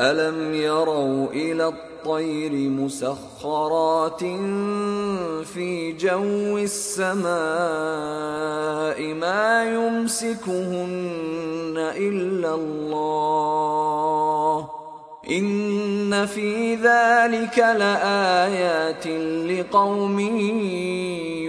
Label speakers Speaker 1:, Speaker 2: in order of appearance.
Speaker 1: ألم يروا إلى الطير مسخرات في جو السماء ما يمسكهن إلا الله إن في ذلك لآيات لقوم